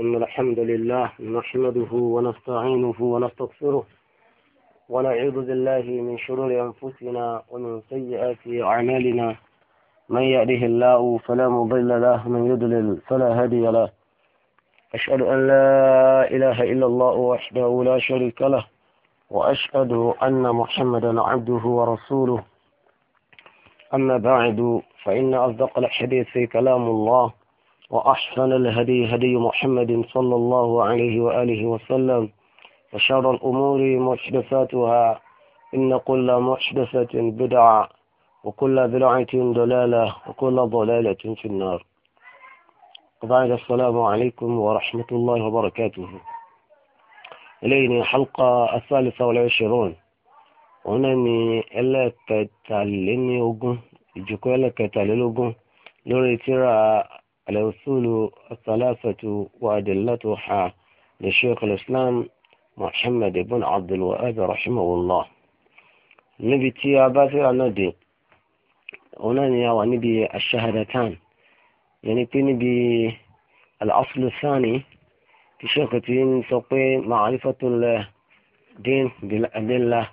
إن الحمد لله نحمده ونستعينه ونستغفره ونعوذ بالله من شرور أنفسنا ومن سيئات أعمالنا من يأله الله فلا مضل له من يضلل فلا هادي له أشهد أن لا إله إلا الله وحده لا شريك له وأشهد أن محمدا عبده ورسوله أما بعد فإن أصدق الحديث كلام الله وأحسن الهدي هدي محمد صلى الله عليه وآله وسلم وشر الأمور محدثاتها إن كل محدثة بدعة وكل بدعة ضلالة وكل ضلالة في النار وبعد السلام عليكم ورحمة الله وبركاته إلينا حلقة الثالثة والعشرون هنا إلا كتاليني وقم إجوكو إلا كتاليني وقم لوري ترى الأصول الثلاثة وأدلتها لشيخ الإسلام محمد بن عبد الوهاب رحمه الله نبي تيابات ندي ونانيا ونبي الشهادتان يعني في نبي الأصل الثاني في شيخ الدين معرفة الدين بالأدلة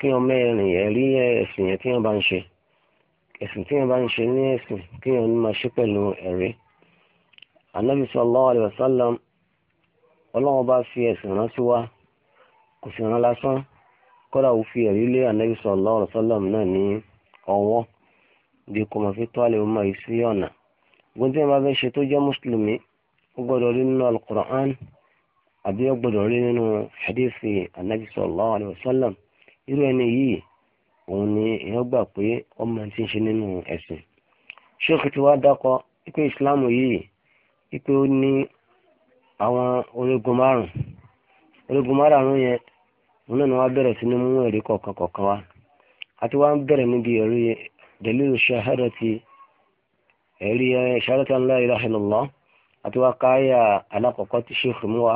كيوم يعني يلي سنتين بانشي سنتين بانشي نيس كيوم ما شكله إري يعني. anabi sallallahu alayhi wa sallam ọlọ́wọ́n bá fi ẹ̀sìn ránṣẹ́ wá kò sì rán lásán kódà ó fi ẹ̀rí lé anabi sallallahu alayhi wa sallam náà ní ọwọ́ bí kò máa fi tọ́ àlè ọmọ yìí sí ọ̀nà gbọ́dọ̀ tí wọ́n bá fẹ́ ṣe tó jẹ́ mùsùlùmí ó gbọ́dọ̀ rí nínú alukur'an àbí ó gbọ́dọ̀ rí nínú hadithi anabi sallallahu alayhi wa sallam irú ẹni yìí òun ni èèyàn gbà pé ọmọ ti ń ṣe nínú ẹ̀sìn ṣé kìtìwá dákọ ikú ìsìlámù yìí wípé ó ní àwọn ológun márùn ológun márùn yẹn òun náà ni wọn bẹ̀rẹ̀ sí ní mú ẹ̀rí kọ̀ọ̀kan kọ̀ọ̀kan wá àti wọn bẹ̀rẹ̀ níbi ẹ̀rí dalilu shahadati ẹ̀rí eh, shahadati an la ilaha illallah àti wọn káyà alákọ̀ọ́kọ́ tí sheikh mú wa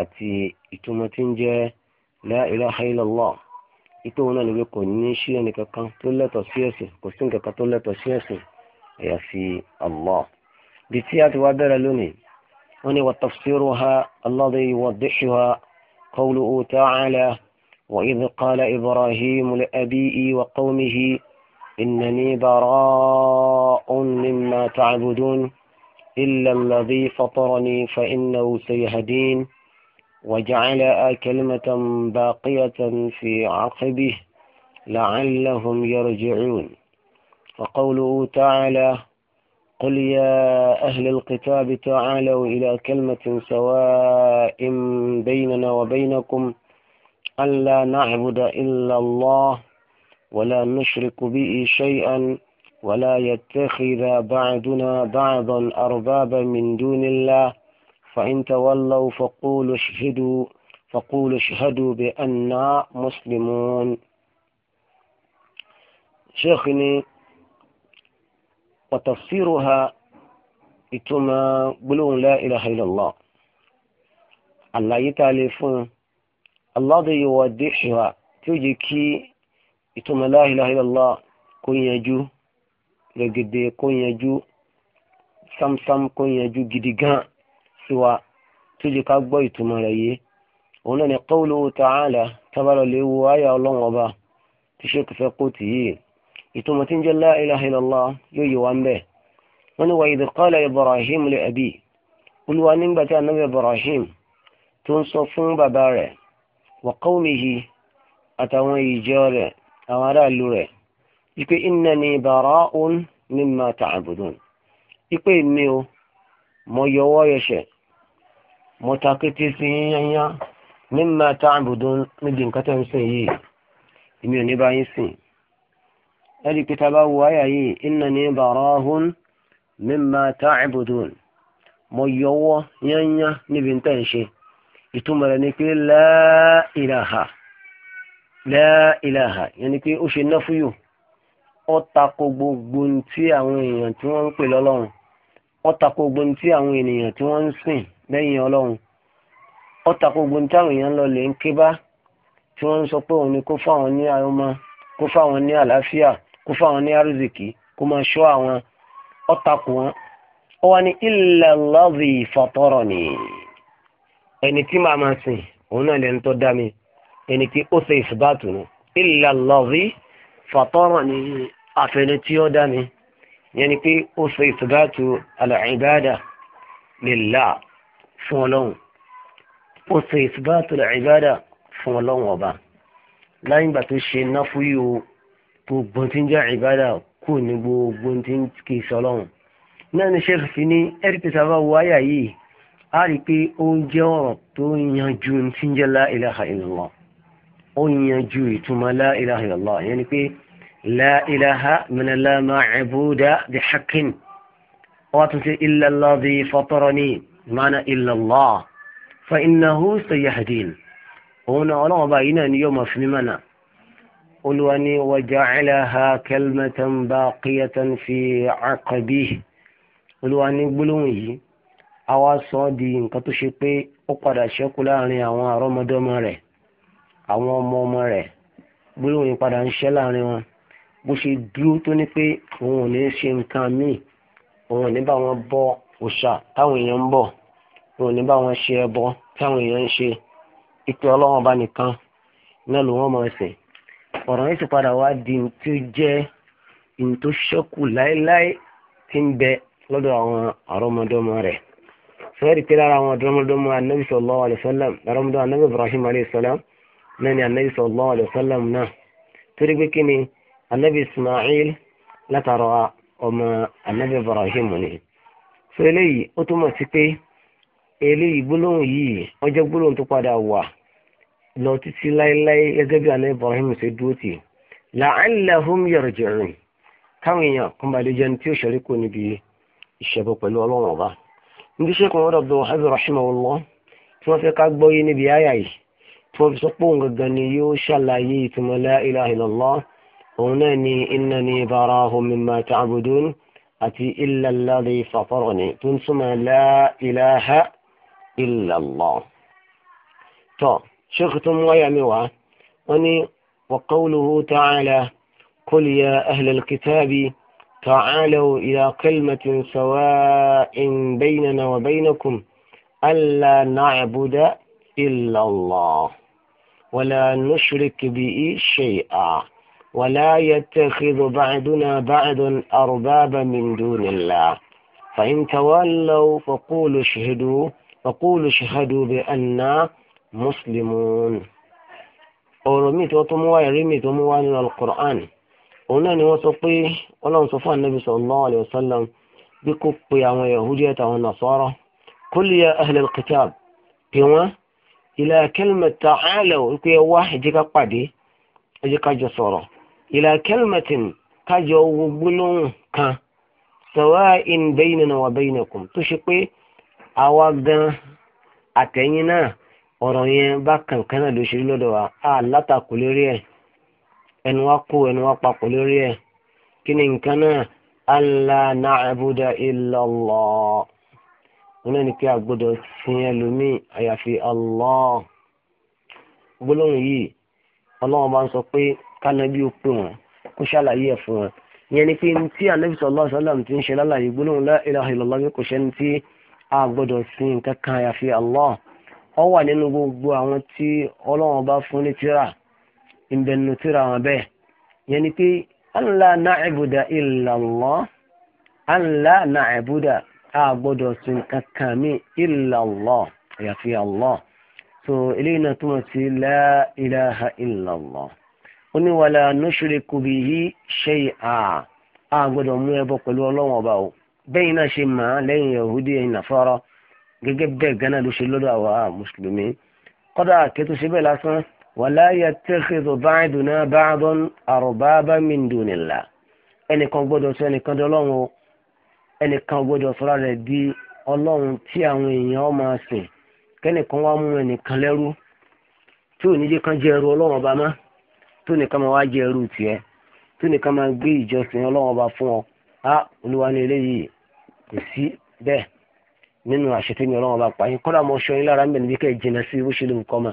àti ìtumọ̀ tí ń jẹ́ la ilaha illallah ipò wọn náà ni pé kò ní sí ẹnìkankan tó lẹ́tọ̀ọ́ sí ẹ̀sìn kò sí nǹkankan tó lẹ́tọ̀ọ́ sí ẹ̀sìn àyàfi Allah. bí وابر a وني وتفسيرها الذي يوضحها قوله تعالى وإذ قال إبراهيم لأبيه وقومه إنني براء مما تعبدون إلا الذي فطرني فإنه سيهدين وجعل كلمة باقية في عقبه لعلهم يرجعون وقوله تعالى قل يا أهل الكتاب تعالوا إلى كلمة سواء بيننا وبينكم ألا نعبد إلا الله ولا نشرك به شيئا ولا يتخذ بعضنا بعضا أربابا من دون الله فإن تولوا فقولوا اشهدوا فقولوا اشهدوا بأننا مسلمون شيخني وتفسيرها إتما قلون لا إله إلا الله الله يتالفون الله يوضحها تجيكي إتما لا إله إلا الله كن يجو لقد كن يجو samsam kò yanjú gidi gan sí wa tó jẹ ká gbọ́ ìtumọ̀ rẹ̀ yìí òun náà ni qawluhu ta'ala tábàlọ́ lè wo àyà ọlọ́run ọba tí ṣe kò fẹ́ kó tì yìí ìtumọ̀ tí ń jẹ́ la ilaha illallah yóò yí wa ń bẹ̀. wọ́n ní wa idh qala ibrahim li abi olúwa nígbà tí anabi ibrahim tó ń sọ fún bàbá rẹ̀ wa qawmihi àtàwọn ìjọ rẹ̀ àwọn aráàlú rẹ̀ ipe innani bara'un mimma ta'budun ipe mi o mo yọwọ́ yẹsẹ̀ mo takété sí yányá mimma ta'budun níbi nǹkan tẹ́ ń sìn yìí èmi ò ní bá yín sìn ẹ̀rí pété bá wo àyà yìí innani barahun mimma ta'budun mo yọwọ́ yányá níbi ń tẹ̀ ń ṣe ìtumọ̀ rẹ̀ ni pé la ilaha la ilaha yẹn ni pé ó ṣe náfúyò ó tako gbogbo tí àwọn èèyàn tí wọ́n ń pè lọ́lọ́run ó tako gbogbo tí àwọn ènìyàn tí wọ́n ń sìn lẹ́yìn ọlọ́run ó tako gbogbo tí àwọn èèyàn lọ lè ń ké bá tí wọ́n ń sọ pé òun ni kó fáwọn ní ọmọ kó fáwọn ní àlàáfíà kó fáwọn ní arúzìkì kó máa ṣọ́ àwọn ọ̀tàkù wọn ó wá ní illa allazi fatarani ẹni tí màá máa sìn òun náà lẹni tó dá mi ẹni tí ó ṣe ìsìbáàtù nù illa allazi fatarani àfẹni tí ó dá mi yẹn ni pé ó ṣe ìsìbáàtù al-ibada fún ọlọ́run ó ṣe ìsìbáàtù al fún ọlọ́run ọba láyìn ìgbà tó ṣe náfúyò gbogbo tí ń jẹ́ ìbádà kù ní gbogbo tí ń kì í sọlọ́run náà ni sheikh fi ní ẹ́rìpẹ̀sà bá wọ àyà yìí a rí i pé ó jẹ́ ọ̀rọ̀ tó yanjú tí ń jẹ́ la ilaha illallah ó yanjú ìtumọ̀ la ilaha illallah yẹn ni pé la ilaha minala ma'abuda bi haqqin wọ́n tún ṣe illallah bi fatarani mana illallah fa innahu sayahdin òun náà ọlọ́wọ́n báyìí náà ni yóò máa fi mí mọ́nà olúwa وجعلها كلمة باقية في fi aqabih olúwa ní gbólóhùn yìí àwa sọ ọ́ di nǹkan tó ṣe pé ó padà ṣẹ́kù láàrin àwọn àrọ́mọdọ́mọ rẹ̀ àwọn ọmọ ọmọ rẹ̀ gbólóhùn yìí padà ń ṣẹ́ láàrin wọn bó ṣe dúró tó ní pé òun ò ní ṣe nǹkan míì òun ò ní bá wọn bọ òòṣà táwọn èèyàn ń bọ̀ òun ò ní bá wọn ṣe ẹbọ táwọn èèyàn ń ṣe ìpè ọlọ́wọ́n bá nìkan náà ló wọ́n máa sìn ọ̀rọ̀ yìí sì padà wá di ní tí ó jẹ́ ní tó ṣẹ́kù láéláé tí ń bẹ lọ́dọ̀ àwọn àrọ́mọdọ́mọ rẹ̀ sọ́ọ́rì pé lára àwọn àrọ́mọdọ́mọ anabi sallallahu alayhi wa sallam àrọ́mọdọ́ ibrahim alayhi salam náà ni anabi sallallahu alayhi wa sallam náà torí pé kí ni anabi ismail látara ọmọ anabi ibrahim ni so eléyìí ó túmọ̀ sí pé eléyìí gbólóhùn yìí ó jẹ́ gbólóhùn tó padà wà lọ títí láéláé gẹ́gẹ́ bí alẹ́ Ibrahim ṣe dúró tì la'allahum yarji'un káwọn èèyàn kan bá lè jẹun tí ó ṣẹ̀rí kò níbi ìṣẹ̀bọ pẹ̀lú ọlọ́run ọba níbi ṣe kan wọ́n dọ̀dọ̀ hafi rahimahullah tí wọ́n fẹ́ ká gbọ́ yé níbi àyà yìí tí wọ́n fi sọ pé òun gangan ni yóò ṣàlàyé ìtumọ̀ la ilaha illallah òun náà ni innani bara'un mimma ta'budun àti illa alladhi fatarani tó ń súnmọ́ la ilaha شغتم ويموه وني وقوله تعالى قل يا أهل الكتاب تعالوا إلى كلمة سواء بيننا وبينكم ألا نعبد إلا الله ولا نشرك به شيئا ولا يتخذ بعدنا بعد أربابا من دون الله فإن تولوا فقولوا اشهدوا فقولوا اشهدوا بأننا muslimun ọ̀rọ̀ míì tí wọ́n tó mú wá ẹ̀rí míì tó mú wá nínú alukur'an òun náà ni wọ́n sọ pé ọlọ́run sọ fún anabi sallallahu alayhi wa sallam bí kò pe àwọn yahudi àtàwọn nasara qul ya ahlal kitab pè wọ́n ila kalimati ta'alaw wípé ẹ wá ẹ pàdé ẹ jọ sọ̀rọ̀ ila kalimatin ká jọ gbólóhùn kan sawa'in baynana wa baynakum tó ṣe pé àwa gan àtẹ̀yìn náà ọ̀rọ̀ yẹn bákan kan náà ló lọ́dọ̀ wa a látakò lórí ẹ̀ ẹnu wa kú ẹnu wa papọ̀ lórí ẹ̀ kí ni nǹkan náà Allah wọn ní pé a gbọ́dọ̀ sin àyàfi Allah gbólóhùn yìí ọlọ́run bá ń sọ pé kánábí ó pè kó ṣàlàyé fún wọn ìyẹn ni pé tí ànábì sallallahu alaihi ti ń ṣe lálàyé gbólóhùn la ilaha tí ọ wà nínú gbogbo àwọn tí ọlọ́wọ́n bá fún ní tíra ìbẹ̀nu tíra wọn bẹ́ẹ̀ yẹn ni pé alla na'buda Allah a gbọ́dọ̀ kankan mi so eléyìí náà túmọ̀ sí la ilaha illa Allah ó ní wala a gbọ́dọ̀ mú ẹbọ pẹ̀lú ọlọ́wọ́n ọba o bẹ́ẹ̀ náà ṣe lẹ́yìn yahudi ẹ̀yìn gẹ́gẹ́ bẹ́ẹ̀ gánà ló ṣe lọ́dọ̀ àwa mùsùlùmí kọ́dà kẹ́tù ṣe bẹ́ẹ̀ lásán wala yattakhidhu ba'duna ba'dan arbaban min dunillah ẹnìkan gbọ́dọ̀ sọ ẹnìkan dọ́lọ́run ẹnìkan gbọ́dọ̀ sọ́ra rẹ̀ di ọlọ́run tí àwọn èèyàn máa sìn kẹ́nìkan wá mú ẹnìkan lẹ́rú tí ò ní jẹ́ kán jẹ́ ẹrú ọlọ́run ọba má tó nìkan máa wá jẹ́ ẹrú tiẹ̀ tó nìkan máa gbé ìjọsìn ọlọ́run ọba fún ọ á olúwa ní eléyìí kò sí bẹ́ẹ̀ nínú àṣetí mi ọlọ́run ọba pààyàn kọ́dà mo ṣọ yín lára ń bẹ̀ níbi kẹ́ ẹ̀ jìnnà sí bó ṣe lè kọ́ mà.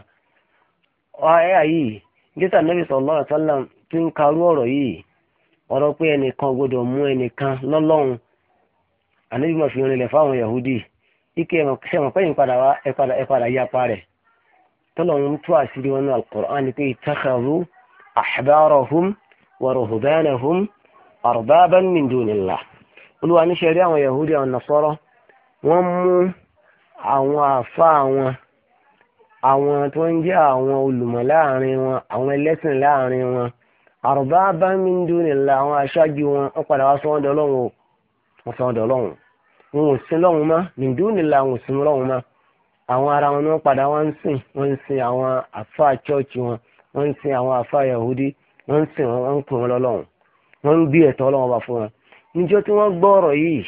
ẹ àyè gẹ́tà nàbì sallallahu alaihi wasallam tí ń karú ọ̀rọ̀ yìí ọ̀rọ̀ pé ẹnìkan gbọ́dọ̀ mú ẹnìkan lọ́lọ́run ànábì máa fi rinlẹ̀ fáwọn yahudi ike ẹ̀mọ̀ pẹ́yìn padà wá ẹ padà yá pa tọ́lọ́run tú àṣírí wọn ní wọ́n mú àwọn àáfàá wọn àwọn tó ń jẹ́ àwọn olùmọ̀ láàrin wọn àwọn ẹlẹ́sìn láàrin wọn àrùbá bá mi ń dúró nílá àwọn aṣáájú wọn wọ́n padà wá sọ́wọ́n dọ́lọ́run o wọ́n sọ́wọ́n dọ́lọ́run wọn ò sin lọ́run mọ́ nìdú nílá wọn ò sin lọ́run mọ́ àwọn ara wọn ni wọ́n padà wá ń sìn wọ́n ń sin àwọn àáfàá chọ́ọ̀chì wọn wọ́n ń sin àwọn àáfàá yahudi wọ́n ń sìn wọn wọ́n ń pè wọn ń gbé ẹ̀tọ́ ọlọ́run ọba fún wọn níjọ́ tí wọ́n gbọ́ ọ̀rọ̀ yìí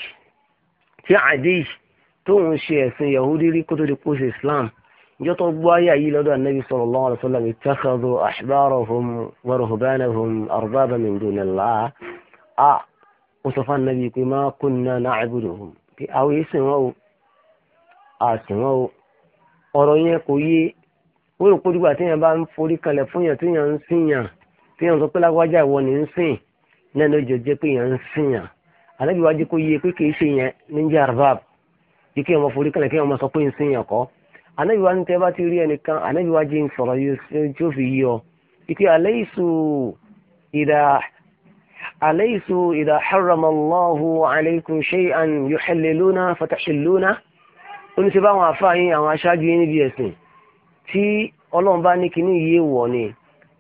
tí àdéhìí tóun ṣe ẹ̀sìn yahudi rí kó tó di kóṣe islam ìjọ tó gbọ́ ayé yìí lọ́dọ̀ anabi sallallahu alaihi wasallam ittakhadhu ahbarahum wa ruhbanahum arbaba min dunillah a ó sọ fún anabi pé ma kunna na'buduhum pé àwọn yìí sìn wọ́n o a sìn wọ́n o ọ̀rọ̀ yẹn kò yé ó rò kódùgbà tí yẹn bá ń forí kalẹ̀ fún yẹn tí yẹn ń sìn yàn tí yẹn sọ pé lágbájá ìwọ ni ń sìn náà ló jọ jẹ́ pé yẹn ń sìn yàn anabi wájú kó yé pé kì í ṣe yẹn níjà arbab yìí kí wọn forí kalẹ̀ kí wọn sọ pé ń sin yàn kọ́ anabi wa ní tẹ́ bá ti rí ẹnìkan anabi wa jẹ́ ń sọ̀rọ̀ tí ó fi yí ọ ìpè alaysu ìdá alaysu ìdá haramallahu alaykum shay'an yuhalliluna fatahilluna oníṣẹ́ báwọn afáyín àwọn aṣáájú yín níbi ẹ̀sìn tí ọlọ́run bá ní kíní yé wọ̀ ni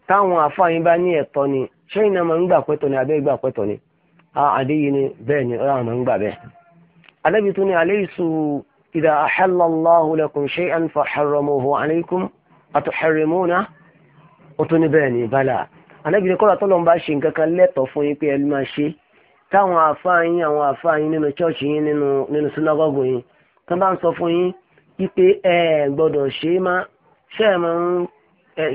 táwọn afáyín bá ní ẹ̀tọ́ ni ṣẹ́yìn náà máa ń gbà pẹ́tọ̀ ni abẹ́ gbà pẹ́tọ̀ ni àdéyìí ni bẹ́ẹ̀ ni ọlọ́run máa ń gbà bẹ́ẹ̀ anábì tún ní alaysu idha ahalla Allahu lakum shay'an fa harramahu alaykum atuharrimuna ó tún ní bẹ́ẹ̀ ní bala anábì ní kọ́lá tọ́lọ́ bá ṣe nǹkan kan lẹ́tọ̀ọ́ fún yín pé ẹ máa ṣe táwọn àfáàyín àwọn àfáàyín nínú chọ́ọ̀chì yín nínú nínú sinagogo yín tán bá ń sọ fún yín wípé ẹ gbọ́dọ̀ ṣe é má ṣe é máa ń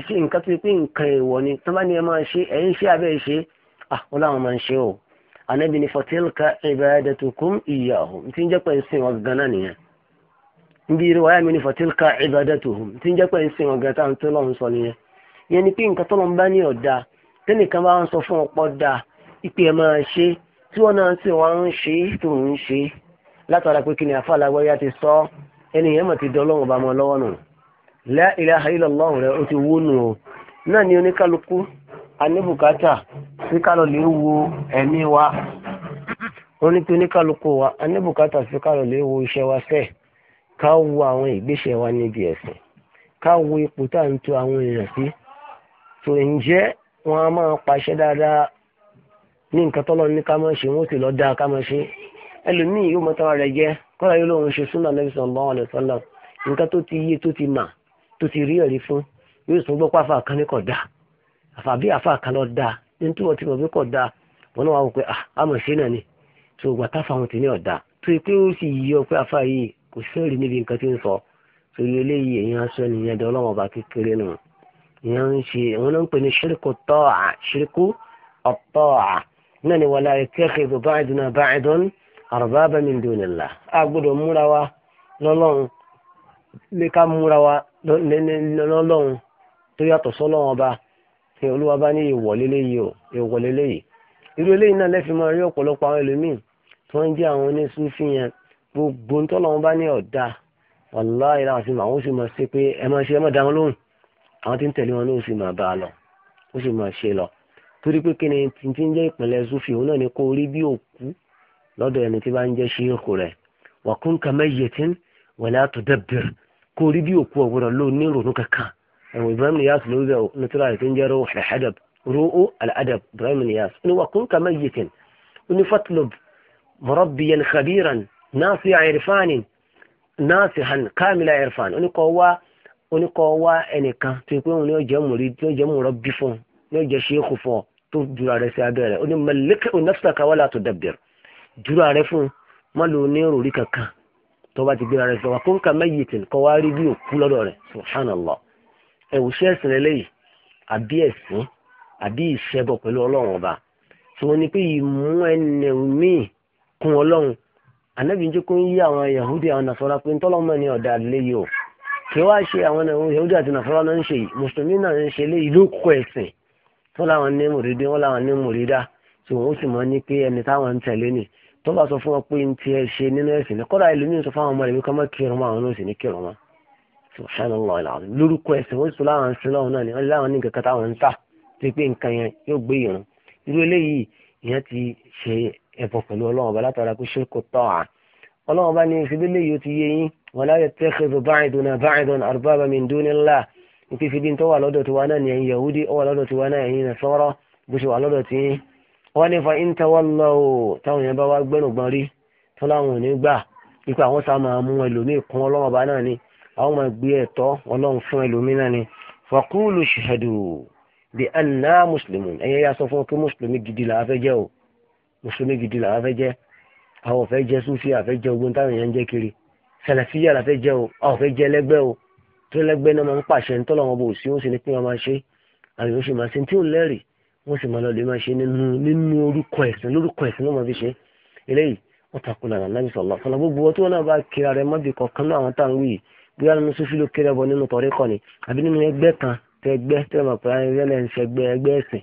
ṣe nǹkan tó yẹ pé nǹkan èèwọ̀ ni tán bá ní ẹ máa ṣe ẹ̀yìn ṣe abẹ́ ṣe ah wọn làwọn máa ń ṣe o anabi ní fatilka ibadatukum iyyahum tí ń jẹ́ pé ń sìn wọn ya an nìyẹn níbi irú mi ní fatilka ibadatuhum tí ń jẹ́ pé ń sìn wọn gan-an sọ nìyẹn ni pé nǹkan tó lọ́n bá látara ni ti sọ ẹnìyẹn mọ̀ ti dán ọlọ́run ọba la ilaha illallah a ní bùkátà sí kálọ̀ wo ẹ̀mí wa wọ́n ní wa a sí wo iṣẹ́ wa sẹ́ẹ̀ ká wo àwọn ìgbésẹ̀ wa níbi ẹ̀sìn ká wo ipò tá à ń àwọn èèyàn sí tò wọn a máa pàṣẹ dáadáa ní nǹkan tọ́lọ́ ní ká máa ṣe wọ́n sì lọ́ọ́ dáa ti yé tó ti mà tó ti rí ẹ̀rí fún yóò sún gbọ́ àfàbí àfà kan lọ dáa ní tí wọ́n ti mọ̀ pé kò dáa wọn náà wà wọ́n pé àmọ̀ ah, ṣe náà ni tí o gbà táfà wọn ti ní ọ̀dà tó yẹ pé ó sì yí ọ pé àfà yìí kò sẹ́ẹ̀rì níbi nǹkan tí ń sọ torí eléyìí èèyàn aṣọ nìyẹn dán ọlọ́wọ́n bá kékeré nù ìyẹn ń ṣe wọn náà ń pè ní ṣíríkù tọ́à ṣíríkù ọ̀tọ́à náà ni wàlá yattakhidhu ba'duna ba'dan arbaban min dunillah a gbọ́dọ̀ múra wa lọ́lọ́run ní ká múra wa lọ́lọ́run tí olúwa bá ní ìwọ̀lélé yìí o ìwọ̀lélé yìí irú eléyìí náà lẹ́fì máa rí ọ̀pọ̀lọpọ̀ àwọn ẹlòmíì tí wọ́n ń jẹ́ àwọn oníṣúfì yẹn gbogbo ń tọ́lọ́ wọn bá ní ọ̀dà wàláì láwọn sì máa wọ́n sì máa ṣe pé ẹ máa ṣe ẹ máa dá wọn lóhùn àwọn tí ń tẹ̀lé wọn lóhùn sì máa bá a lọ ó sì máa ṣe lọ torí pé kíni tí ń jẹ́ ìpínlẹ̀ súfì òun náà ni kó rí bí òkú lọ́dọ̀ ẹni tí bá ń jẹ́ ṣéèkù rẹ̀ wàkúńkà mẹ́yẹ̀tín wala tudabbir kó rí bí òkú ọ̀gbọ́dọ̀ lóun ní ìrònú kankan ẹ̀wọ̀n ibrahim niyas ló ń bẹ̀ nítorí àti ń jẹ́ rú ẹ̀hẹ́dẹ̀b rú ó al'adab ibrahim niyas ni wà kún kàmá yìí kìn ni fatlub murabbiyan khabiran nasi irfanin nasi han kamila irfan ó ní kọ́ wá ó ní kọ́ wá ẹnìkan tó pé òun ni ó jẹ́ múri tí ó jẹ́ murabbi fún ni ó jẹ́ ṣéèkù fún ọ tó jura rẹ sí malik nafsaka wala tudabbir jura rẹ fún má lo ní rori kankan tó ti gbéra rẹ sọ wà kún kàmá yìí kìn kọ́ wá subhanallah ẹ̀wù ṣé ẹ̀sìn eléyìí àbí ẹ̀sìn àbí ìṣẹ́bọ̀ pẹ̀lú ọlọ́run ọba tí wọ́n ní pé ìmú ẹnì míì kún ọlọ́run ànábì ń jókòó ń yí àwọn yahudi àwọn nàfọ́lá pé ntọ́lọ́mọ ni ọ̀dà léyìí o kí wá ṣe àwọn yahudi àti nàfọ́lá náà ń ṣe yìí mùsùlùmí náà ń ṣe léyìí ló kọ ẹ̀sìn tó láwọn ní mùrídé wọn láwọn ní mùrídá tí wọn ó sì mọ ní pé ẹni táwọn ń tẹ̀lé ni tó bá sọ fún wọn pé ń tiẹ̀ ṣe nínú ẹ̀sìn ni kọ́dà ẹlòmíràn sọ fáwọn ọmọ rẹ̀ wí kọ́ mọ́ kírun àwọn náà sì ní kírun mọ́ subhanallah alazim lórúkọ ẹsẹ̀ wọ́n sọ láwọn ṣe láwọn náà ni wọ́n láwọn ní nǹkan kan táwọn ń tà tó pé nǹkan yẹn yóò gbé ìrun irú eléyìí ìyẹn ti ṣe ẹbọ pẹ̀lú ọlọ́run ọba látara pé ṣé kò tọ́ à ọlọ́run ọba ní ìṣẹ́bí eléyìí ó ti yé yín wọn láyé tẹ́kẹ̀dù báyìdùnà báyìdùn arbaba min dunillah nípa ìfibí tó wà lọ́dọ̀ tiwa náà ni ẹ̀yin yahudi ó wà lọ́dọ̀ tiwa náà ẹ̀yin nasara bó ṣe wà lọ́dọ̀ tí wọ́n ní fa in tawallaw táwọn yẹn bá wá gbẹ́rùngbọ́n rí tó láwọn ò ní gbà ipa àwọn sá máa mú ẹlòmíì kún ọlọ́run ọba náà ni àwọn máa gbé ẹ̀tọ́ ọlọ́run fún ẹlòmínà ni fakulu shahadu bi anna muslimun ẹ̀yẹ yà sọ fún ọ pé mùsùlùmí gidi làwọn fẹ́ jẹ́ o mùsùlùmí gidi làwọn fẹ́ jẹ́ àwọn fẹ́ jẹ́ sufi àfẹ́ jẹ́ ogun táwọn èèyàn ń jẹ́ kiri sàlàfíyà làfẹ́ jẹ́ o àwọn fẹ́ jẹ́ lẹ́gbẹ́ o tó lẹ́gbẹ́ náà máa ń pàṣẹ ń tọ́lọ̀ wọn bò sí ó sì ní pé wọ́n máa ṣe àmì ó ṣe máa ṣe tí bí wọn mú sófin ló kéré bọ nínú tọríkọ ni àbí nínú ẹgbẹ́ kan tẹ ẹgbẹ́ tẹ ọmọ pé ẹlẹ ń ṣe ẹgbẹ́ ẹgbẹ́ ẹsìn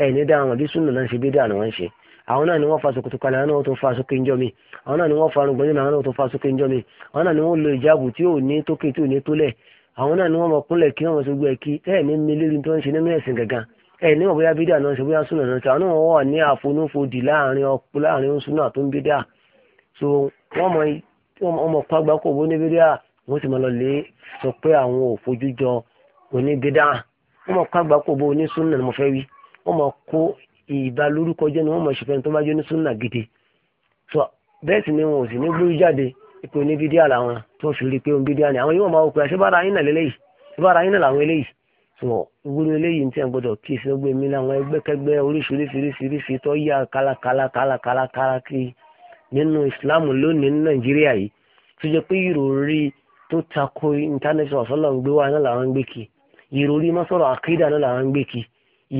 ẹ ní dáhùn àbí súnà náà ń ṣe bí dáhùn wọn ṣe àwọn náà ni wọn fa ṣòkòtò kalẹ̀ àwọn náà wọn tó fa sókè ńjọ mi àwọn náà ni wọn fa arúgbó nínú àwọn náà wọn tó fa sókè ńjọ mi àwọn náà ni wọn lo ìjáàbù tí ò ní tókè tí ò ní tólẹ̀ àwọn náà ni wọn mọ kúnlẹ̀ kí wọn mọ sógbó ẹ ọpọ láàrin súnà so wọn mọ ọmọ pàgbà kò ní bídà wọ́n sì máa lọ lè sọ pé àwọn ò fojú jọ oníbídà wọ́n máa kó àgbákò bó onísúnà ni mo fẹ́ wí wọ́n máa kó ìbá lórúkọ jẹ́ ni wọ́n máa ṣèfẹ́ tó bá jẹ́ onísúnà gidi so bẹ́ẹ̀ sì ni wọn ò sì ní gbórí jáde ipò oníbídà làwọn tó fi rí i pé oníbídà ni àwọn yóò máa wọ pé àṣebára yín náà lélẹ́yìí àṣebára yín náà làwọn eléyìí sọ gbúrú eléyìí tí a gbọ́dọ̀ kí ìṣègbè mi ẹgbẹ́kẹ́gbẹ́ oríṣiríṣiríṣi tó yà kálákálákálákálákálá kiri nínú ìsìláàmù lónìí ní nàìjíríà yìí tó tó tako intanẹti ọ̀sọ́lọ̀ ń gbé wa náà làwọn ń gbé kí ìròrí mọ́sọ̀rọ̀ àkídà náà làwọn ń gbé kí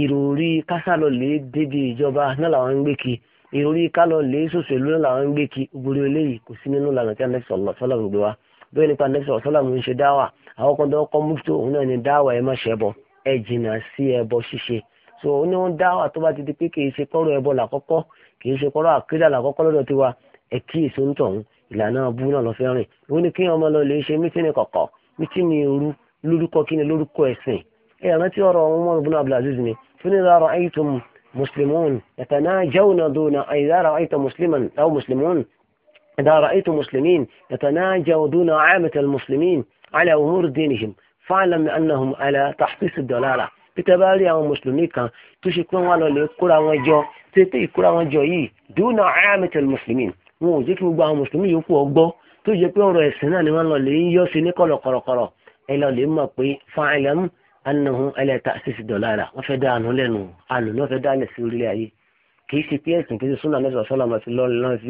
ìròrí kásálọ̀ lè dédé ìjọba náà làwọn ń gbé kí ìròrí kálọ̀ lè sòṣèlú náà làwọn ń gbé kí gbogbo eléyìí kò sí nínú làwọn tí anẹti ọ̀sọ́lọ̀ ń gbé wa bẹ́ẹ̀ nípa anẹti ọ̀sọ́lọ̀ ń ṣe dáwà àwọn kan tó kọ́ mufto òun so ó ní wọn dáwà tó bá ti di pé kì í ṣe kọ́rọ̀ ẹbọ làkọ́kọ́ kì í ṣe kọ́rọ̀ àkídà làkọ́kọ́ lọ́dọ̀ tiwa ẹ kíyèsí ń tọ̀hún ìlànà abú náà lọ fẹ́ rìn ó ní kí ọmọ lọ lè ṣe mítínì kọ̀kọ̀ mítínì òru lórúkọ kí ni lórúkọ ẹ̀sìn ẹ rántí ọ̀rọ̀ Umar ibn Abdul Aziz ni fún ní idha ra'aytum muslimun yatanajawna duna idha ra'aytum musliman aw muslimun idha ra'aytum muslimin yatanajaw duna 'amatal muslimin 'ala umuri dinihim fa'lam annahum 'ala tahsis ad-dalalah pété àwọn mùsùlùmí kan tó ṣe pé wọn lọ lè kóra wọn jọ tètè ìkóra wọn jọ yìí duna 'amatal muslimin wọn ò jẹ́ kí gbogbo àwọn mùsùlùmí yòókù ọgbọ́ tó yẹ pé ọ̀rọ̀ ẹ̀sìn náà ni wọ́n lọ lè ń yọ́ sí ní kọ̀lọ̀kọ̀lọ̀kọ̀lọ̀ ẹ lọ lè mọ̀ pé fáìlẹ́m anahun ẹlẹ́ta sísì dọ̀lára wọ́n fẹ́ dá àánú lẹ́nu àánú náà fẹ́ dá àlẹ́ sí orílẹ̀ ayé kì í ṣe pé ẹ̀sìn kì í ṣe súnà nẹ́sọ̀ sọ́lá máa ti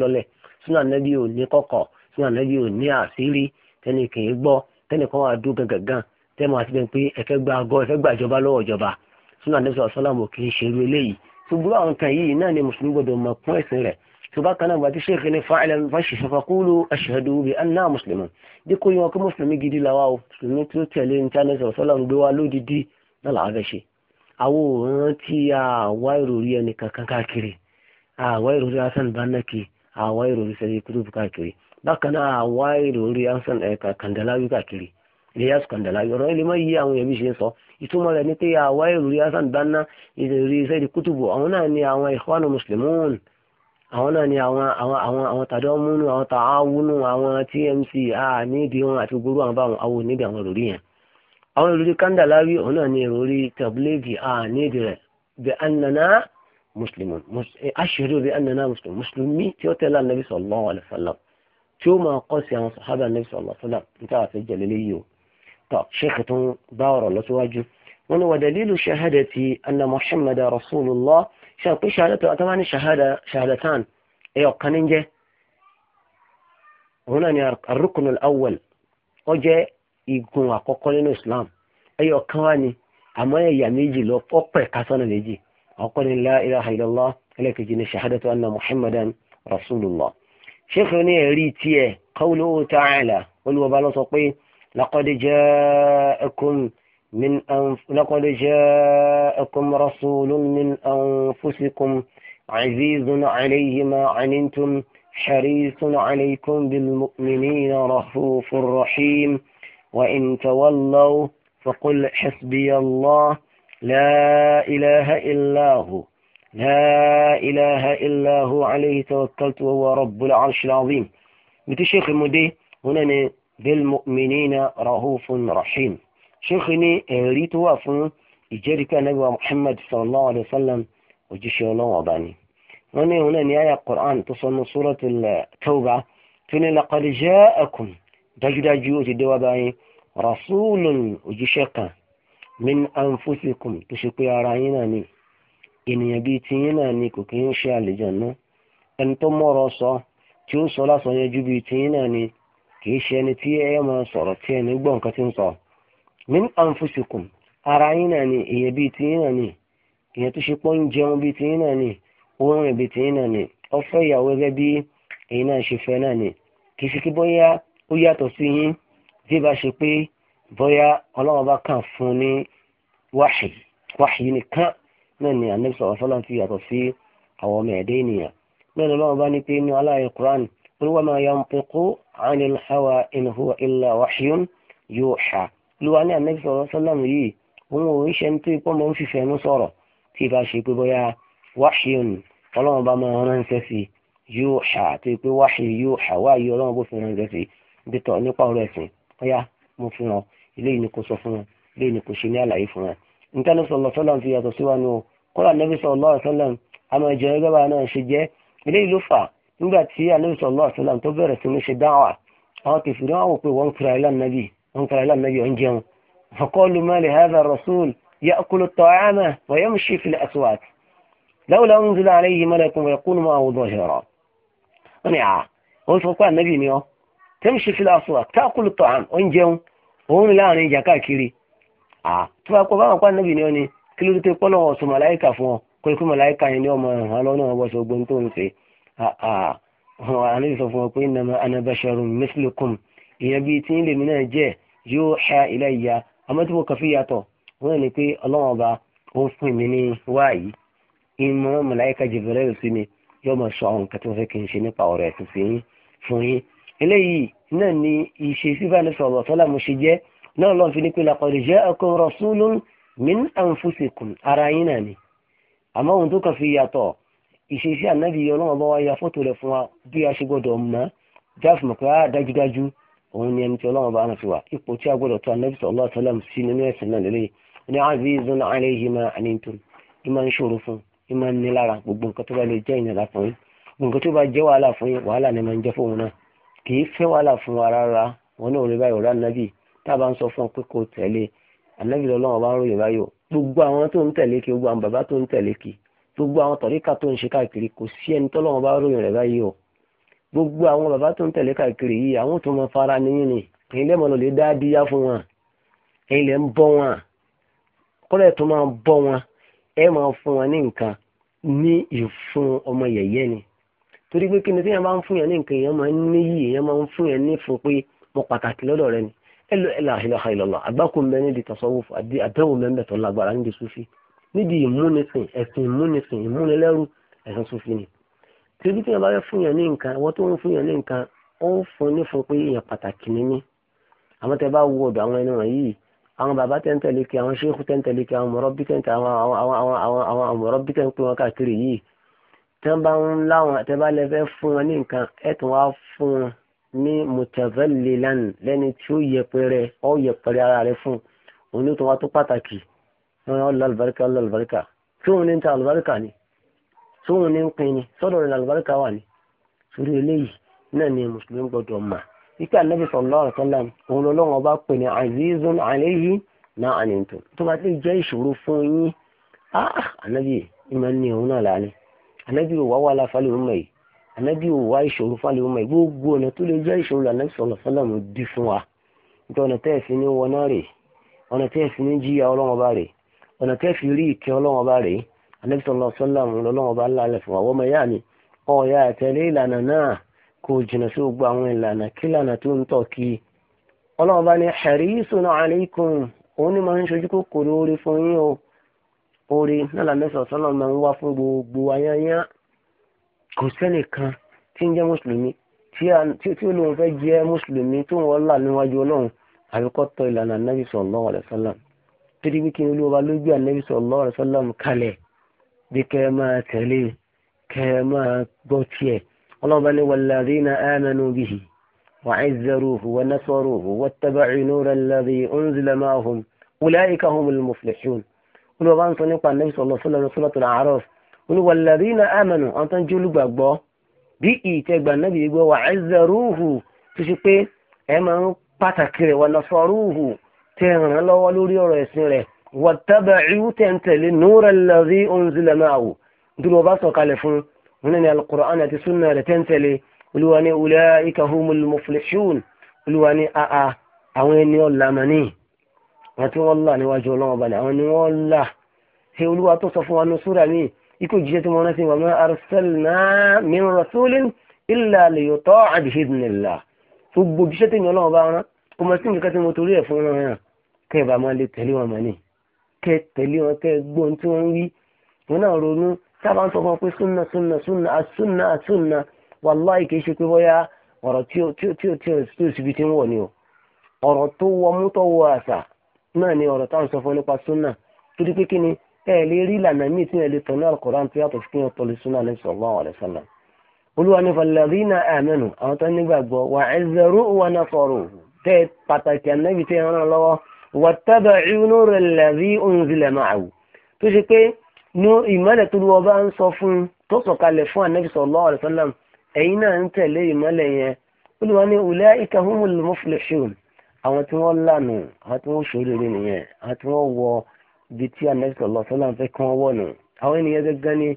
lọ́lẹ̀ súnà nẹ́bí ò ní kọ̀kọ̀ súnà nẹ́bí ò ní àṣírí tẹ́ni kì í gbọ́ tẹ́ni kan wà dún gangan tẹ́ máa ti bẹ́ẹ̀ pé ẹ fẹ́ gba agọ́ ẹ fẹ́ gba ìjọba lọ́wọ́ ìjọba súnà nẹ́sọ̀ sọ́lá mọ̀ kì í ṣerú eléyìí ṣùgbọ́n àwọn kan yìí náà ni mùsùlùmí gbọ́dọ̀ mọ̀ pọ́n ẹ̀sìn rẹ̀ ṣùgbọ́n kan náà gbàtí ṣéèkì ní fáìlẹ̀ fáṣì fàkúlù aṣèhàdù bí anna mùsùlùmí bí kò yíwọn kí mùsùlùmí gidi làwa o mùsùlùmí tí ó tẹ̀lé ní china sọ̀rọ̀ sọ́lá ń gbé wa lódìdí náà làwa fẹ́ ṣe. àwo rántí àwa ìròrí ẹni kankan káàkiri àwa ìròrí hasan banaki àwa ìròrí sẹ́yìn kúrúbù káàkiri bákan náà àwa ìròrí hasan eh, kandalawi káàkiri ìyá kandalawi ọ̀rọ̀ ilé má yí àwọn ẹbí ṣe ń sọ ìtumọ̀ rẹ̀ ni pé àwa ìròrí hasan banna ìròrí sẹ́yìn kútùbù àwọn náà ni àwọn ikhwanu muslimun àwọn náà ni àwọn àwọn àwọn àwọn tàdọ́múnú àwọn tàáwúnú àwọn tmc a nídìí wọn àti gbogbo àwọn báwọn awo nídìí àwọn ìròrí yẹn àwọn ìròrí kandalawi òun náà ni ìròrí tablighi a nídìí rẹ bi annana muslimun eh, aṣèré bi annana muslimun mùsùlùmí tí ó tẹ̀lé anabi sallallahu alaihi wasallam tí ó máa kọ́ sí àwọn sàhábà anabi sallallahu alaihi wasallam àti jẹlẹlẹ yìí o tọ sheikh tó ń bá ọ̀rọ̀ lọ síwájú wọn ni wà dalilu shahadati anna muhammad rasulullah ṣe àpé ṣahadatu àtàwọn ní ṣahadatan ẹ̀yọ̀ kan ní jẹ́ òun náà ni eh, arúkùnù awwal ó jẹ́ igun àkọ́kọ́ nínú Islam ẹ̀yọ̀ kan wá ni àmọ́ ẹ̀yà méjì lọ ọ̀pẹ̀ kásánà méjì ọ̀pẹ̀ ní la ilaha illallah ẹlẹ́kejì ní ṣahadatu anna muhammadan rasulullah ṣéfù ní ẹ̀rí tiẹ̀ qawluhu ta'ala olùwọ́ba lọ sọ pé laqad ja'akum من أنف لقد جاءكم رسول من أنفسكم عزيز عليه ما عنتم حريص عليكم بالمؤمنين رفوف رحيم وإن تولوا فقل حسبي الله لا إله إلا هو لا إله إلا هو عليه توكلت وهو رب العرش العظيم شيخ المدي هنا بالمؤمنين رهوف رحيم ṣéèkì ní ẹ̀rí tó wà fún ìjẹ́rìí pé anábìwá muhammad sallallahu alayhi wa sallam òjíṣẹ́ ọlọ́wọ́n ọba ni wọ́n ní òun náà ní àyà quran tó sọ ní suratul tawba tó ní laqad ja'akum dájúdájú ó ti dé wá báyìí rasulun òjíṣẹ́ kan min anfusikum tó ṣe pé ara yín náà ni ènìyàn bíi tiyín náà ni kò kí ń ṣe àlùjànnú ẹni tó mọ̀rọ̀ sọ tí ó sọ lásán yẹn ju bíi tiyín náà ni kì í ṣe ẹni tí ẹ máa sọ̀rọ̀ tí ẹni gbọ́ nǹkan tí ń sọ min anfusikum ara yín náà ni èyàn bíi ti yín náà ni èyàn tó ṣe pọ́ ń jẹun bíi ti yín náà ni oorun ìbí ti yín náà ni ọfẹ́ ìyàwó gẹ́gẹ́ bí èyí náà ṣe fẹ́ náà ni kì í ṣe kí bóyá ó yàtọ̀ sí yín bí bá ṣe pé bóyá ọlọ́run bá kàn fún ní wáhì wáhì nìkan ni ànábì sallallahu alaihi ti yàtọ̀ sí àwọn ọmọ ẹ̀dẹ́ ènìyàn náà ni ọlọ́run bá ní pé inú Qur'an wa ma yantiqu anil hawa in huwa illa wahyun yuha lùwà ní ànábì sọ̀rọ̀ sọ́lọ́m yìí òun ò ń ṣe ní tó ipò mọ́ ń fìfẹ́ ẹnu sọ̀rọ̀ tí ìbá ṣe pé bóyá wáṣíùn ọlọ́run bá máa ránṣẹ́ sí yóò ṣà tó ipò wáṣí yóò ṣà wá yìí ọlọ́run bó fi ránṣẹ́ sí dìtọ̀ nípa ọ̀rọ̀ ẹ̀sìn ọ̀yá mo fún wọn eléyìí ni kò sọ fún wọn eléyìí ni kò ṣe ní àlàyé fún wọn. nǹkan sọ̀rọ̀ sọ́lọ́m fi yàtọ̀ síwájú o kọ́lá nẹ́bí sọ̀rọ̀ sọ́lọ́m àmọ́ ìjọ ẹgbẹ́ bá náà ṣe jẹ́ eléyìí ló fà nígbà tí ànẹ́bí sọ̀rọ̀ sọ́lọ́m tó bẹ̀rẹ̀ sí ní ṣe dáwà àwọn kẹfìrí wọn kàrà láàmú ẹyọ ń jẹun faqalu ma li hadha ar-rasul ya'kulu at-ta'ama wa yamshi fil aswaq lawla unzila alayhi malakun wa yakunu ma'ahu dhahira wọn ni àá ah, wọn sọ pé ànábì ni ọ tamshi fil aswaq ta'kulu at-ta'am ó ń jẹun òun láàrin ìjà káàkiri àá ah, tó bá kọ báwọn pa ànábì ni ọ ni kí ló dé pọ́lọ́ ọ̀sùn màláìkà fún ọ kó ikú màláìkà yẹn ní ọmọ ẹ̀hán lọ́nà ọwọ́sọ ogun tó ń ṣe àà ah, àníbi sọ fún ọ pé innama ana basharun mislukum ìyẹn bíi tí ń lèmi náà jẹ́ yuha ilayya àmọ́ tí mo kàn fi yàtọ̀ wọ́n yẹn ni pé ọlọ́wọ́n ọba ó ń fún mi ní wáyé ìmọ̀ màláíkà Jibril sí mi yóò máa sọ àwọn nǹkan tí wọ́n fẹ́ kí n ṣe nípa ọ̀rọ̀ ẹ̀sìn sí yín fún yín eléyìí náà ni ìṣesí bá ní sọ̀rọ̀ sọ́lá mo ṣe jẹ́ náà lọ́n fi ní pé laqad ja'akum rasulun min anfusikum ara yín náà ni àmọ́ ohun tó kàn fi yàtọ̀ ìṣesí ànábì ọlọ́run bá wá ya fọ́tò rẹ̀ fún wa bí a ṣe gbọ́dọ̀ mọ̀ jáfùmọ̀ pé á ah, dájúdájú òun ni ẹni tí ọlọ́run bá rán fi wà ipò tí a gbọ́dọ̀ tó anabi sallallahu alaihi wasallam sí nínú ẹ̀sìn náà lélẹ́yìn ní azizun alayhi ma anitun ìmọ̀ ń ṣòro fún ìmọ̀ ń ní lára gbogbo nǹkan tó bá lè jẹ́ ìnira fún yín gbogbo nǹkan tó bá jẹ́ wàhálà fún yín wàhálà ni máa ń jẹ́ fóun náà kì í fẹ́ wàhálà fún wa rárá wọn náà rí báyìí ọ̀rá nàbì tá a bá ń sọ fún ọ pé kò tẹ̀lé gbogbo àwọn bàbá tó ń tẹ̀lé káàkiri yìí àwọn tó máa fara níyìn ni ẹ̀yin lẹ́mọ̀ lọ lè dá díyá fún wọn ẹ̀yin lẹ́ ń bọ́ wọn kọ́lẹ̀ tó máa bọ́ wọn ẹ máa fún wọn ní nǹkan ní ìfún ọmọ yẹ̀yẹ́ ni torí pé kíni tí yẹn máa ń fún yẹn ní nǹkan yẹn máa ń níyì yẹn máa ń fún yẹn ní fún pé mo pàtàkì lọ́dọ̀ rẹ ni ẹlò ẹlà ìlàkà ìlọlọ àgbákò ń bẹ níbi tasawuf àdé àbẹ̀wò mẹ́mbẹ̀ tó lágbára níbi sufi níbi ìmúnisìn ẹ̀sìn ìmúnisìn ìmúnilẹ́rú ẹ̀sìn sufi ni tìbí tí yẹn bá fẹ́ fún yẹn ní nǹkan àwọn tó ń fún yẹn ní nǹkan ó ń fún ní fún pé èèyàn pàtàkì ni mí àwọn tẹ bá wo ọ̀dọ̀ àwọn ẹni wọ̀nyí yìí àwọn bàbá tẹ́ ń tẹ̀lé kí àwọn ṣéhù tẹ́ ń tẹ̀lé kí àwọn mọ̀rọ́bí tẹ́ ń tẹ̀ àwọn àwọn àwọn àwọn àwọn mọ̀rọ́bí tẹ́ ń pè wọn káàkiri yìí tẹ́ ń bá ń láwọn tẹ́ bá lẹ́fẹ́ fún wọn ní nǹkan ẹ̀ tún wá fún wọn ní mutazallilan lẹ́ni tí ó yẹpẹrẹ ọ́ yẹpẹrẹ ara rẹ fún òun ló tún wá tó pàtàkì wọn lọ àlùbáríkà lọ àlùbáríkà kí òun ní ń ta àlùbáríkà ni sóhun ní ń pin ni sọ́dọ̀ rẹ̀ làlùbáríkà wà ní sórí eléyìí náà ni mùsùlùmí gbọdọ̀ mà wípé ànábì sallallahu alaihi wasallam òun lọ́lọ́run ọba pè ní azizun alayhi náà àníntò tó bá ti jẹ́ ìṣòro fún yín ànábì ìmọ̀ ní òun náà lálẹ́ ànábì ò wá wà láfàlẹ́ òun mọ̀ yìí ànábì ò wá ìṣòro fàlẹ́ òun mọ̀ yìí gbogbo ọ̀nà tó lè jẹ́ ìṣòro ànábì sallallahu anabi sallallahu alaihi wasallam lọ́lọ́wọ́ bá lálẹ́ fún wa wọ́n máa yá mi ọ̀ọ́yà àtẹ̀lé ìlànà náà kò jìnnà sí gbogbo àwọn ìlànà kí lànà tó ń tọ̀ kí ọlọ́wọ́ bá ní harisun alaykum òun ni máa ń ṣojú kòkòrò orí fún yín o orí náà lànà sọ̀sọ́lọ́ máa ń wá fún gbogbo ayáyá kò sẹ́nìkan tí ń jẹ́ mùsùlùmí tí olóhùn fẹ́ jẹ́ mùsùlùmí tó wọ́n là níwájú ọlọ́run àbíkọ́ tọ̀ ìlànà anábì sallallahu alaihi wasallam bí kẹ́ ẹ máa tẹ̀lé kẹ́ ẹ máa gbọ́ tiẹ̀ ọlọ́ba ní walladhina amanu bihi wa azzaruhu wa nasaruhu wattaba'u nura alladhi unzila ma'ahum ulaika humul muflihun olùwàbá ń sọ nípa nabi sallallahu alaihi wasallam suratul a'raf ń jẹ́ olùgbàgbọ́ bí ìtẹ́gbà nábì gbọ́ wa tó ṣe pé ẹ máa ń pàtàkì rẹ̀ wa nasaruhu tẹ́ ràn án lọ́wọ́ lórí ọ̀rọ̀ ẹ̀sìn rẹ̀ واتبعوا تنتل نور الذي أنزل معه دلو باسو قالفون هنا القرآن تسنة تنتل ولواني أولئك هم المفلحون ولواني آآ أويني الله مني àti wọ́n là níwájú ọlọ́wọ́ balẹ̀ àwọn ni wọ́n là ṣe olúwa tó sọ fún wa ní súra mi ikú jíṣẹ́ tí wọ́n rántí wà mọ́ arsalna min rasulin illa liyuta'a bi idhnillah gbogbo jíṣẹ́ tí mi ọlọ́wọ́ bá rán kò mọ̀ sí nǹkan tí mo torí ẹ̀ fún wọn hàn kẹ́ ẹ̀ bá máa lè tẹ̀lé wọn mọ̀ ní kẹ́ tẹ̀lé wọn kẹ́ gbọ́ tí wọ́n ń wí wọn náà ronú sábà ń sọ fún ọ pé súnà súnà súnà àsúnà àsúnà wàláì kìí ṣe pé bóyá ọ̀rọ̀ tí ó tí ó tí ó tí ó tí ó síbi tí ń wọ̀ ni o ọ̀rọ̀ tó wọ mú tó wọ àṣà náà ni ọ̀rọ̀ táwọn sọ fún nípa súnà torí pé kí ni ẹ lè rí ìlànà míì tí ẹ lè tọ̀ ní tó yàtọ̀ fún ọ̀tọ̀ lè súnà ní sallallahu alaihi wasallam olúwa ní falladhina amanu àwọn tó nígbàgbọ́ wà ẹ̀ zẹ̀rú wọn náà sọ̀rọ̀ tẹ́ pàtàkì ànábì tẹ́ ẹran lọ́wọ́ wattaba'u nura alladhi unzila ma'ahu tó ṣe pé ní ìmọ́lẹ̀ tó lọ́wọ́ bá ń sọ fún tó sọ̀kalẹ̀ fún anabi sallallahu alaihi wasallam ẹ̀yin náà ń tẹ̀lé ìmọ́lẹ̀ yẹn ó lè wá ní ulaika humul muflihun àwọn tí wọ́n lànà àwọn tí wọ́n ṣòrèrè nìyẹn àwọn tí wọ́n wọ ibi tí anabi sallallahu alaihi fẹ́ kí wọ́n wọ̀ nù àwọn ènìyàn gẹ́gẹ́ ni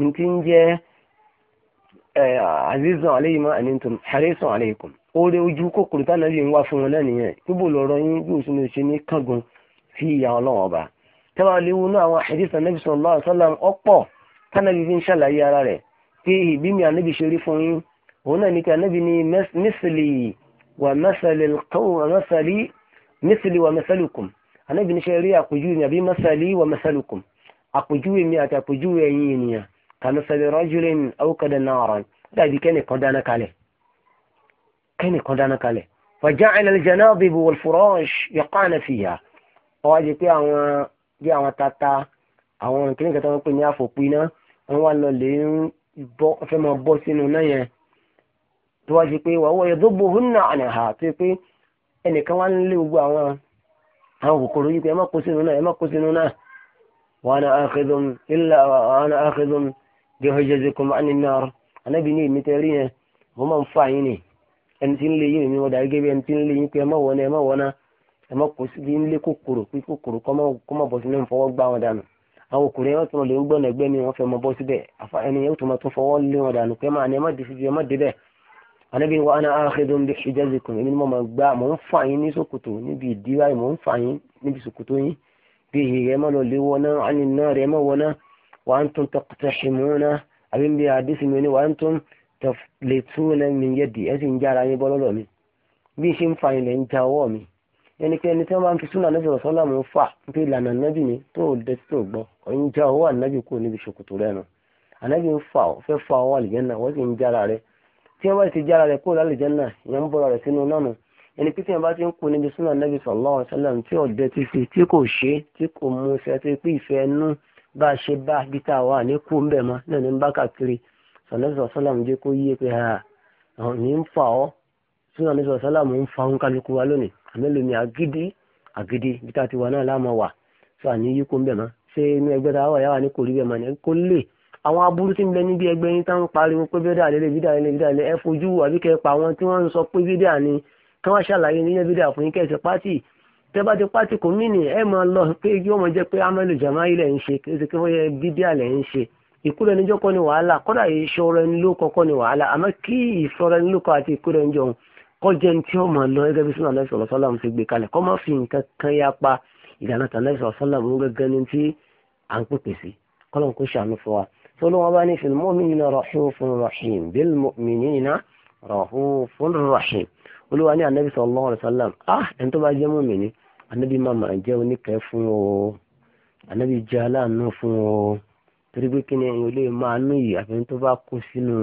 ní ti ń jẹ́ azizan aleyhima anintum harisan aleykum oore ojú kòkòrò tánàbí ń wá fún wọn lẹ́nu yẹn níbo lọ́rọ̀ yín bí òṣèlú ṣe ní kángun sí ìyá ọlọ́run ọba tẹ́wà léwu náà àwọn hadisan nabi sallallahu alaihi wasallam ọ̀pọ̀ tánàbí fi ń ṣàlàyé ara rẹ̀ pé ìbí mi ànábì ṣe rí fún yín òun náà ní kí ànábì ní mísìlì wà mẹ́sàlùkùm ànábì ní ṣe rí àpèjúwe كان قال فبرجل أوقد نارا الذي كان قدانك عليه كان قدانك عليه فجعل الجنابب والفراش يقعن فيها وهذه تي اوا دي اوا تاتا اوا كان كتا بو افو بينا ان وان لو لي بو فما بو سينو نيا وهو يضبهن عنها تي بي اني كان لي بو اوا ها هو كرو ما كوسينو نيا ما كوسينو نيا وانا أخذهم الا انا أخذهم jahajjakum anin nar anábì ní èmi tẹ́rí yẹn mo máa ń fà yín ni ẹni tí ń lé yín ni wọ́n dàrí gẹ́gẹ́ ẹni tí ń lé yín pé ẹ má wọná ẹ má wọná ẹ má kó sí ń lé kòkòrò pé kòkòrò kọ́ má bọ̀ sínú ìfọwọ́ gbá wọn dànù àwọn ọkùnrin yẹn tó lè ń gbọ́n ẹgbẹ́ ni wọ́n fẹ́ mọ bọ́ síbẹ̀ ẹni yẹn tó máa tún fọwọ́ lé wọn dànù pé máa ní ẹ má dé síbi ẹ má dé bẹ́ẹ̀ anábì wa ana akhidun bi hijazikum èmi ni mo máa gbá mò ń fà yín ní ṣòkòtò níbi ìdíwáyé mò ń fà yín níbi ṣòkòtò yín bí ìhìhì ẹ má lọ lé wọná àní náà rẹ ẹ má وأنتم تقتحمون أبين بحديث مني وأنتم تفلتون من يدي أسين جارا يبولو مي بيشين فاين لين تاومي ẹni pé ẹni tí wọn bá ń fi súnà nàbì rọsọlá mú fà pé ìlànà nàbì ni tó o dẹ tó gbọ́ ọyìn já owó ànábì kúrò níbi ṣòkòtò rẹ nù ànábì ń fà ọ fẹ́ fà ọ àlìjẹnà wọn sì ń jára rẹ tí wọn bá ti jára rẹ kúrò lálìjẹnà ìyẹn ń bọra rẹ sínú nánu ẹni pé tí wọn bá ti ń kú níbi súnà nàbì sọlá ọsẹlẹm tí ọdẹ ti fi tí kò ṣe tí kò mú ṣe tí pé ìfẹ́ nú bá a ṣe bá bí tá a wà ní kú ń bẹ̀ mọ́ náà ní ń bá kàkiri sọlẹ́sọ̀ sọ́làmù jẹ́ kó yé pé àwọn ní ń fà ọ́ sínú àmì sọ̀rọ̀ sọ́làmù ń fa òun kálukú wa lónìí àmì lómi àgídí bí tá a ti wà náà láàmú wà sọ àní yí kó ń bẹ̀ mọ́ ṣé inú ẹgbẹ́ tá a wà yáwà ní kò rí bẹ̀ mọ́ ni kó lè àwọn aburú tí ń bẹ níbi ẹgbẹ́ yín táwọn pariwo pé bídà lélẹ̀ bídà lélẹ̀ bídà lélẹ̀ ẹ fojú àbíkẹ́ pa àwọn tí wọ́n ń sọ pé bídà ni kí wọ́n ṣàlàyé níyẹn bídà fún yín kẹ́sì pátì tẹ́bá ti pátì kò mí ni ẹ máa lọ pé yóò máa jẹ́ pé amẹ́lù jàmáà ilẹ̀ ń ṣe kéde kí wọ́n yẹ bídíà lẹ̀ ń ṣe ìkúrò ẹnijọ́ kọ́ ni wàhálà kọ́dà ìṣọ̀rọ̀ ẹni ló kọ́kọ́ ni wàhálà àmọ́ kí ìṣọ̀rọ̀ ẹni ló kọ́ àti ìkúrò ẹnijọ́ kọjá ẹni tí ó máa lọ gẹ́gẹ́ bí sọ́nà alẹ́ sọ̀rọ̀ sọ́lá ń fi gbé kalẹ̀ kọ́ máa fi nǹkan kan yá pa ìdáná tàn alẹ́ sọ̀rọ̀ sọ́lá mú gẹ́gẹ́ ní anabi sallallahu alaihi wasallam ah ẹni tó bá jẹ́ mọ́mìnì anabi mama jẹ́ oníkẹ́ fún o anabi jẹ́ aláàánú fún o torí pé kíni ẹ̀yin ò lè máa nú yìí àfi tó bá kó sínú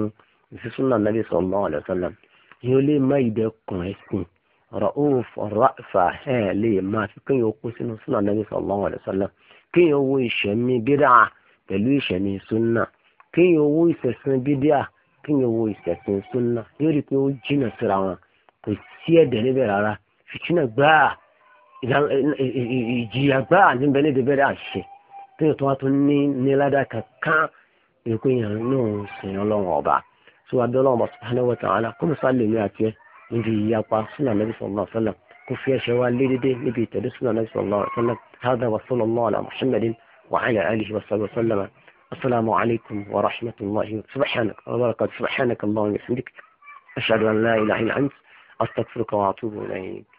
ìfisúnà anabi sallallahu alaihi wasallam ẹ̀yin ò lè má ìdẹ́kùn ẹ̀sìn ọ̀rọ̀ òf ọ̀rọ̀ àfà ẹ̀ lè máa fi kéèyàn kó sínú súnà anabi sallallahu alaihi wasallam kéèyàn wo ìṣẹ̀mí bídà pẹ̀lú ìṣẹ̀mí súnà kéèyàn owó ìṣẹ̀sìn bídíà kéèyàn owó ìṣẹ̀sìn súnà yóò rí i pé ó jìnnà síra wọn kò sí ẹ̀dẹ̀ níbẹ̀ rárá fìtínà gbáà ìjìyà gbá àdínbẹ ní ìdíbẹ̀rẹ̀ àṣẹ tí o tó wá tó ní níládà kankan ìpín yẹn náà sèyàn ọlọ́run ọba tí wàá bí ọlọ́run ọba subhanahu wa ta'ala kó mo sálẹ̀ mi àti ẹ níbi ìyapa súnà nàbí sallallahu alaihi wasallam kó fi ẹsẹ̀ wa lé dédé níbi ìtẹ̀lé súnà nàbí sallallahu alaihi wasallam hada wa sallallahu ala muhammadin wa ala alihi wa sallam sallam assalamu alaikum wa rahmatullahi subhanaka wa barakatuh subhanaka allahumma wa bihamdik ashhadu an la ilaha illa anta astaghfiruka wa atubu ilayk